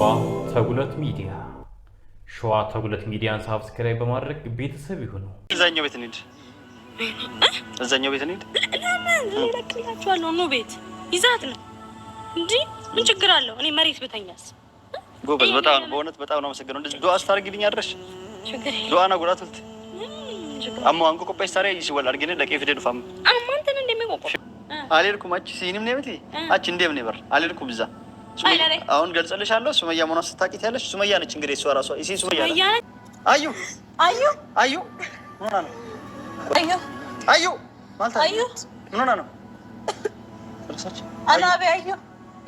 አባ ተጉለት ሚዲያ ሸዋ ተጉለት ሚዲያን ሳብስክራይብ በማድረግ ቤተሰብ ይሁኑ። እዛኛው ቤት እንሂድ፣ እዛኛው ቤት እንሂድ። እለቅላችኋለሁ። ኑ ቤት ይዛት ነው እንዲ። ምን ችግር አለው? እኔ መሬት ብተኛስ? ጎበዝ፣ በጣም በእውነት በጣም ነው አመሰግነው። እንደዚህ ዱአ ስታደርጊልኝ አድረሽ ዱአና ጉዳትልት አሞ አንቆ ቆባይ ሳሪ ይሽወል አርግነ ለቄ ፍደዱ ፋም አማንተን እንደሚቆቆ አሌልኩም አቺ ሲኒም ነብቲ አቺ እንደም ነበር አሌልኩም ብዛ አሁን ገልጽልሻለሁ። ሱመያ መሆኗ ስታቂት ያለች ሱመያ ነች። እንግዲህ እሷ ራሷ እሺ፣ ሱመያ ነች። አዩ አዩ አዩ ምን ሆና ነው? አዩ አዩ ማለት አዩ ምን ሆና ነው? አናቤ አዩ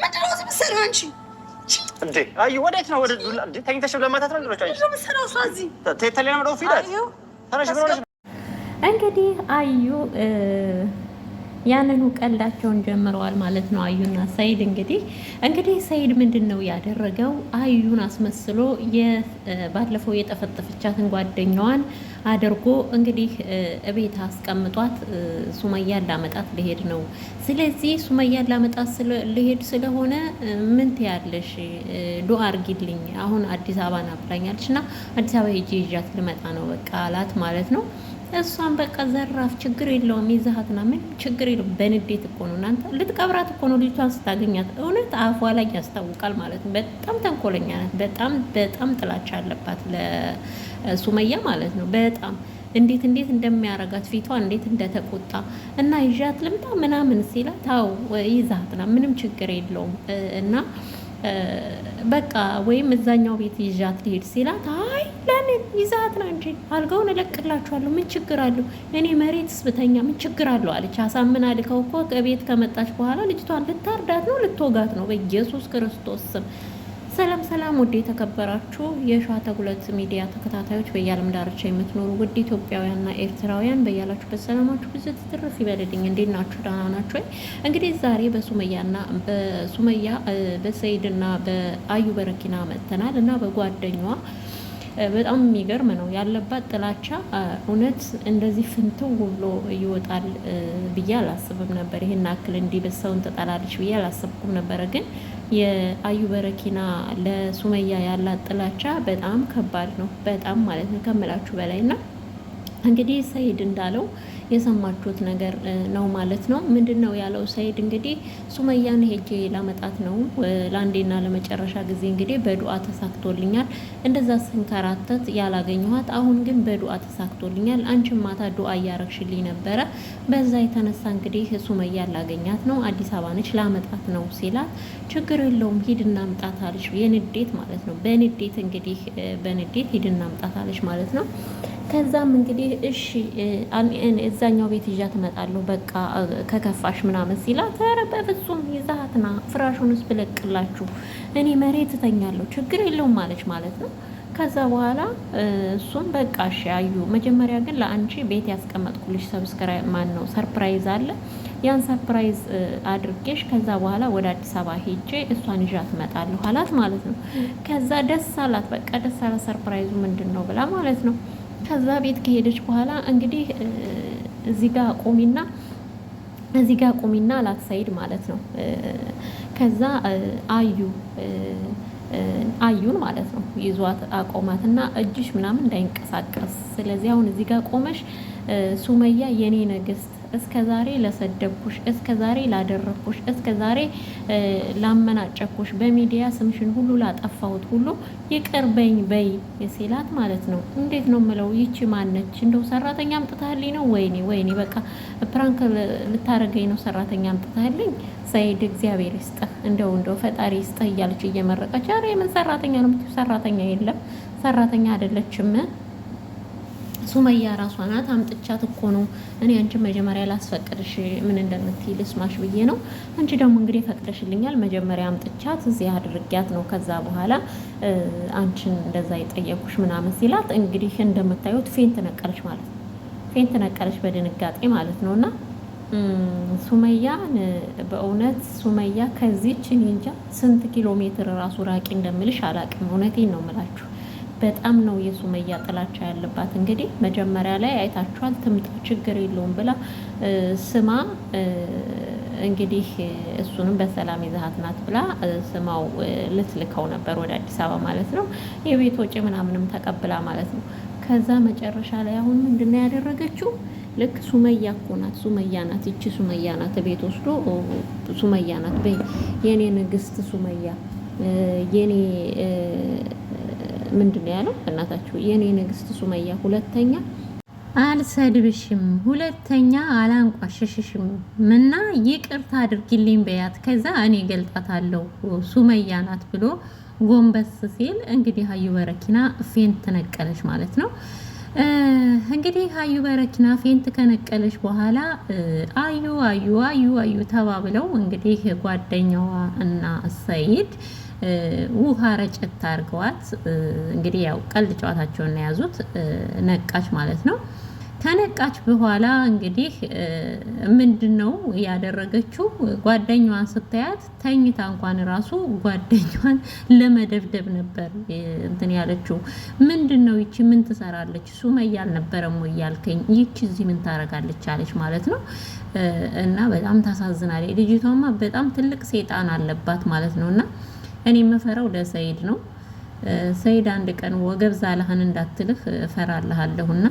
ምንድን ነው የምትሰሪው አንቺ? እንዴ አዩ ወዴት ነው? ወደ ዱላ እንዴ ተኝተሽ ለማታት ነው? ድሮች አዩ ተተለና ነው ፊት አዩ ተነሽ ብሎ እንግዲህ አዩ ያንኑ ቀልዳቸውን ጀምረዋል ማለት ነው። አዩና ሰይድ እንግዲህ እንግዲህ ሰይድ ምንድን ነው ያደረገው? አዩን አስመስሎ ባለፈው የጠፈጠፈቻትን ጓደኛዋን አድርጎ እንግዲህ እቤት አስቀምጧት ሱመያን ላመጣት ልሄድ ነው። ስለዚህ ሱመያን ላመጣት ልሄድ ስለሆነ ምን ትያለሽ? ዱ አርጊልኝ አሁን አዲስ አበባ ናብላኛለች እና አዲስ አበባ ሄጄ ይዣት ልመጣ ነው በቃ አላት ማለት ነው። እሷን በቃ ዘራፍ፣ ችግር የለውም ይዛሀት ና ምን ችግር የለውም። በንዴት እኮ ነው እናንተ ልትቀብራት እኮ ነው ልጇን ስታገኛት። እውነት አፏ ላይ ያስታውቃል ማለት ነው። በጣም ተንኮለኛ ናት። በጣም በጣም ጥላቻ አለባት ለሱመያ ማለት ነው። በጣም እንዴት እንዴት እንደሚያረጋት ፊቷ እንዴት እንደተቆጣ እና ይዣት ልምጣ ምናምን ሲላ ታው ና ምንም ችግር የለውም እና በቃ ወይም እዛኛው ቤት ይዣት ሊሄድ ሲላት አይ ለምን ይዛት ነው እንጂ አልጋውን እለቅላችኋለሁ፣ ምን ችግር አለው? እኔ መሬት ስብተኛ ምን ችግር አለው አለች። አሳምን አልከው እኮ ከቤት ከመጣች በኋላ ልጅቷን ልታርዳት ነው፣ ልትወጋት ነው። በኢየሱስ ክርስቶስ ስም ሰላም ሰላም! ውድ የተከበራችሁ የሸዋ ተጉለት ሚዲያ ተከታታዮች፣ በየዓለም ዳርቻ የምትኖሩ ውድ ኢትዮጵያውያንና ኤርትራውያን በያላችሁበት ሰላማችሁ ብዙ ትትርፍ ይበልልኝ። እንዴት ናችሁ? ደህና ናችሁ ወይ? እንግዲህ ዛሬ በሱመያና በሱመያ በሰይድና በአዩ በረኪና መጥተናል እና በጓደኛዋ በጣም የሚገርም ነው ያለባት ጥላቻ። እውነት እንደዚህ ፍንትው ብሎ ይወጣል ብዬ አላስብም ነበር። ይህን አክል እንዲህ በሰውን ተጣላለች ብዬ አላስብኩም ነበረ። ግን የአዩ በረኪና ለሱመያ ያላት ጥላቻ በጣም ከባድ ነው። በጣም ማለት ነው ከምላችሁ በላይ ና እንግዲህ ሰይድ እንዳለው የሰማችሁት ነገር ነው ማለት ነው። ምንድን ነው ያለው ሰይድ? እንግዲህ ሱመያን ሄጄ ላመጣት ነው ለአንዴና ለመጨረሻ ጊዜ እንግዲህ በዱዓ ተሳክቶልኛል። እንደዛ ስንከራተት ያላገኘኋት፣ አሁን ግን በዱዓ ተሳክቶልኛል። አንቺ ማታ ዱዓ እያረግሽልኝ ነበረ። በዛ የተነሳ እንግዲህ ሱመያ ላገኛት ነው፣ አዲስ አበባ ነች፣ ላመጣት ነው ሲላት፣ ችግር የለውም ሂድና አምጣት አለች። የንዴት ማለት ነው። በንዴት እንግዲህ በንዴት ሂድና አምጣት አለች ማለት ነው። ከዛም እንግዲህ እሺ እዛኛው ቤት ይዣት እመጣለሁ በቃ ከከፋሽ ምናምን ሲላት፣ ኧረ በፍጹም ይዛትና ፍራሹንስ ብለቅላችሁ እኔ መሬት እተኛለሁ ችግር የለውም ማለች ማለት ነው። ከዛ በኋላ እሱም በቃ እሺ አዩ። መጀመሪያ ግን ለአንቺ ቤት ያስቀመጥኩልሽ ሰብስክራይብ ማን ነው ሰርፕራይዝ አለ ያን ሰርፕራይዝ አድርጌሽ ከዛ በኋላ ወደ አዲስ አበባ ሄጄ እሷን ይዣት እመጣለሁ አላት ማለት ነው። ከዛ ደስ አላት በቃ ደስ አላት። ሰርፕራይዙ ምንድን ነው ብላ ማለት ነው ከዛ ቤት ከሄደች በኋላ እንግዲህ እዚህ ጋር ቆሚና እዚህ ጋር ቆሚና አላት ሰይድ ማለት ነው። ከዛ አዩ አዩን ማለት ነው ይዟት አቆማት እና እጅሽ ምናምን እንዳይንቀሳቀስ፣ ስለዚህ አሁን እዚህ ጋር ቆመሽ ሱመያ የኔ ንግስት እስከ ዛሬ ለሰደብኩሽ፣ እስከ ዛሬ ላደረግኩሽ፣ እስከ ዛሬ ላመናጨኩሽ፣ በሚዲያ ስምሽን ሁሉ ላጠፋሁት ሁሉ ይቅር በኝ በይ ሲላት ማለት ነው። እንዴት ነው ምለው? ይቺ ማነች? እንደው ሰራተኛ አምጥታህልኝ ነው? ወይኔ ወይኔ፣ በቃ ፕራንክ ልታረገኝ ነው? ሰራተኛ አምጥታህልኝ ሰይድ፣ እግዚአብሔር ይስጥህ፣ እንደው እንደው ፈጣሪ ይስጥህ እያለች እየመረቀች፣ ኧረ የምን ሰራተኛ ነው? ሰራተኛ የለም፣ ሰራተኛ አይደለችም። ሱመያ ራሷ ናት አምጥቻት እኮ ነው። እኔ አንቺ መጀመሪያ ላስፈቅድሽ ምን እንደምትይ ልስማሽ ብዬ ነው። አንቺ ደግሞ እንግዲህ ፈቅደሽልኛል። መጀመሪያ አምጥቻት እዚህ አድርጊያት ነው። ከዛ በኋላ አንቺን እንደዛ የጠየኩሽ ምናምን ሲላት እንግዲህ እንደምታዩት ፌን ትነቀለች ማለት ነው። ፌን ትነቀለች በድንጋጤ ማለት ነው። እና ሱመያ በእውነት ሱመያ ከዚች እንጃ ስንት ኪሎ ሜትር ራሱ ራቂ እንደምልሽ አላቅም። እውነቴን ነው የምላችሁ በጣም ነው የሱመያ ጥላቻ ያለባት። እንግዲህ መጀመሪያ ላይ አይታችኋል። ትምጣ ችግር የለውም ብላ ስማ እንግዲህ እሱንም በሰላም ይዛሀት ናት ብላ ስማው ልትልከው ነበር ወደ አዲስ አበባ ማለት ነው። የቤት ወጪ ምናምንም ተቀብላ ማለት ነው። ከዛ መጨረሻ ላይ አሁን ምንድን ነው ያደረገችው? ልክ ሱመያ እኮ ናት፣ ሱመያ ናት፣ ይቺ ሱመያ ናት። ቤት ወስዶ ሱመያ ናት፣ የኔ ንግስት ሱመያ የኔ ምንድን ነው ያለው? እናታችሁ የእኔ ንግስት ሱመያ ሁለተኛ አልሰድብሽም፣ ሁለተኛ አላንቋሸሽሽም እና ይቅርታ አድርጊልኝ በያት፣ ከዛ እኔ ገልጣታለሁ ሱመያ ናት ብሎ ጎንበስ ሲል እንግዲህ ሀዩ በረኪና ፌንት ነቀለች ማለት ነው። እንግዲህ አዩ በረኪና ፌንት ከነቀለች በኋላ አዩ አዩ አዩ አዩ ተባብለው እንግዲህ ጓደኛዋ እና ሰይድ ውሃ ረጨት አድርገዋት እንግዲህ ያው ቀልድ ጨዋታቸውን የያዙት ነቃች ማለት ነው። ከነቃች በኋላ እንግዲህ ምንድን ነው ያደረገችው? ጓደኛዋን ስታያት ተኝታ እንኳን ራሱ ጓደኛዋን ለመደብደብ ነበር እንትን ያለችው። ምንድን ነው ይቺ ምን ትሰራለች? ሱመያ አልነበረም ወይ ያልከኝ? ይቺ እዚህ ምን ታረጋለች አለች ማለት ነው። እና በጣም ታሳዝናለች። ልጅቷማ በጣም ትልቅ ሴጣን አለባት ማለት ነው። እና እኔ የምፈራው ለሰይድ ነው። ሰይድ አንድ ቀን ወገብዛላህን እንዳትልህ እፈራልሃለሁና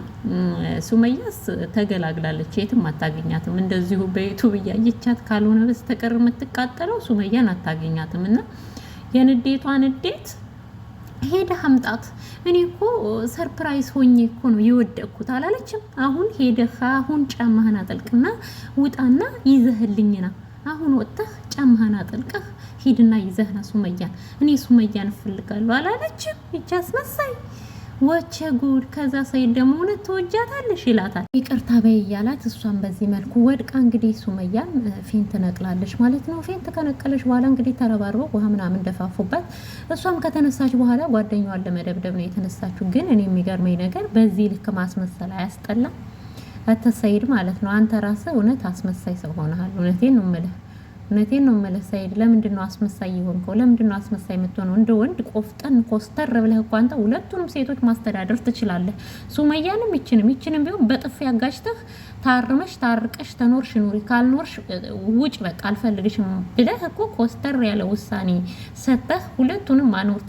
ሱመያስ ተገላግላለች፣ የትም አታገኛትም። እንደዚሁ በዩቱብ እያየቻት ካልሆነ በስተቀር የምትቃጠለው ሱመያን አታገኛትም። እና የንዴቷ ንዴት ሄደህ አምጣት። እኔ እኮ ሰርፕራይዝ ሆኜ እኮ ነው የወደቅኩት አላለችም። አሁን ሄደህ አሁን ጫማህን አጠልቅና ውጣና ይዘህልኝና አሁን ወጥተህ ጫማህን አጠልቀህ ሂድና ይዘህና ሱመያን እኔ ሱመያን እፈልጋለሁ አላለችም። ይቻ አስመሳይ ወቸ ጉድ! ከዛ ሰይድ ደግሞ እውነት ትወጃታለሽ ይላታል። ይቅርታ በይ እያላት እሷን በዚህ መልኩ ወድቃ እንግዲህ ሱመያን ፌን ትነቅላለች ማለት ነው። ፌን ትከነቀለች በኋላ እንግዲህ ተረባርበው ውሃ ምናምን ደፋፉበት። እሷም ከተነሳች በኋላ ጓደኛዋን ለመደብደብ ነው የተነሳችው። ግን እኔ የሚገርመኝ ነገር በዚህ ልክ ማስመሰል አያስጠላም? ተሰይድ ማለት ነው። አንተ ራስህ እውነት አስመሳይ ሰው ሆነሃል። እውነቴን ነው የምልህ እውነቴን ነው የምልህ ሰይድ፣ ለምንድን ነው አስመሳይ የሆንከው? ለምንድን ነው አስመሳይ የምትሆነው? እንደ ወንድ ቆፍጠን ኮስተር ብለህ እኮ አንተ ሁለቱንም ሴቶች ማስተዳደር ትችላለህ። ሱመያንም ይችንም ይችንም ቢሆን በጥፊ ያጋጭተህ ታርመሽ ታርቀሽ ተኖርሽ ኑሪ፣ ካልኖርሽ ውጭ፣ በቃ አልፈልግሽም ብለህ እኮ ኮስተር ያለ ውሳኔ ሰጠህ ሁለቱንም ማኖር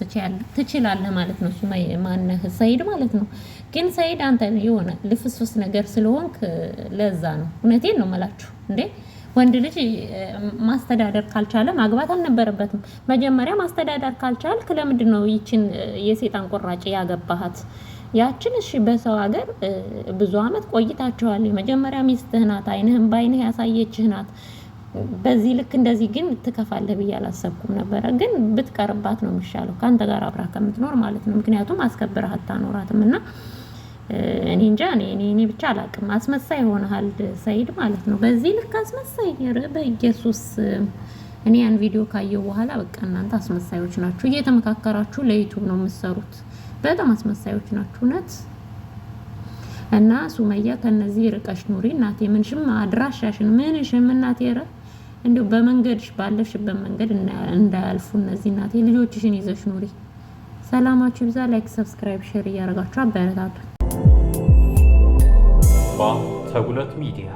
ትችላለህ ማለት ነው። ማነህ ሰይድ ማለት ነው። ግን ሰይድ አንተ የሆነ ልፍስፍስ ነገር ስለሆንክ ለዛ ነው። እውነቴን ነው የምላችሁ እንዴ ወንድ ልጅ ማስተዳደር ካልቻለ ማግባት አልነበረበትም። መጀመሪያ ማስተዳደር ካልቻልክ ለምንድን ነው ይችን የሴጣን ቆራጭ ያገባሃት? ያችን እሺ፣ በሰው ሀገር ብዙ አመት ቆይታችኋል። የመጀመሪያ ሚስትህ ናት። አይንህም በአይንህ ያሳየችህ ናት። በዚህ ልክ እንደዚህ ግን ትከፋለህ ብዬ አላሰብኩም ነበረ። ግን ብትቀርባት ነው የሚሻለው፣ ከአንተ ጋር አብራ ከምትኖር ማለት ነው። ምክንያቱም አስከብረህ አታኖራትም እና እኔ እንጃ እኔ ብቻ አላቅም። አስመሳይ ሆነሃል ሰይድ ማለት ነው። በዚህ ልክ አስመሳይ በኢየሱስ እኔ ያን ቪዲዮ ካየው በኋላ በቃ እናንተ አስመሳዮች ናችሁ፣ እየተመካከራችሁ ለዩቱብ ነው የምትሰሩት። በጣም አስመሳዮች ናችሁ እውነት። እና ሱመያ ከነዚህ ርቀሽ ኑሪ እናቴ። ምንሽም አድራሻሽን ምንሽም እናቴ ረ እንዲሁ በመንገድሽ ባለሽበት መንገድ እንዳያልፉ እነዚህ እናቴ። ልጆችሽን ይዘሽ ኑሪ። ሰላማችሁ ይብዛ። ላይክ፣ ሰብስክራይብ፣ ሼር እያደረጋችሁ አበረታቱ። ሸዋ ተጉለት ሚዲያ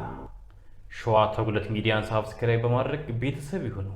ሸዋ ተጉለት ሚዲያን ሳብስክራይብ በማድረግ ቤተሰብ ይሁኑ።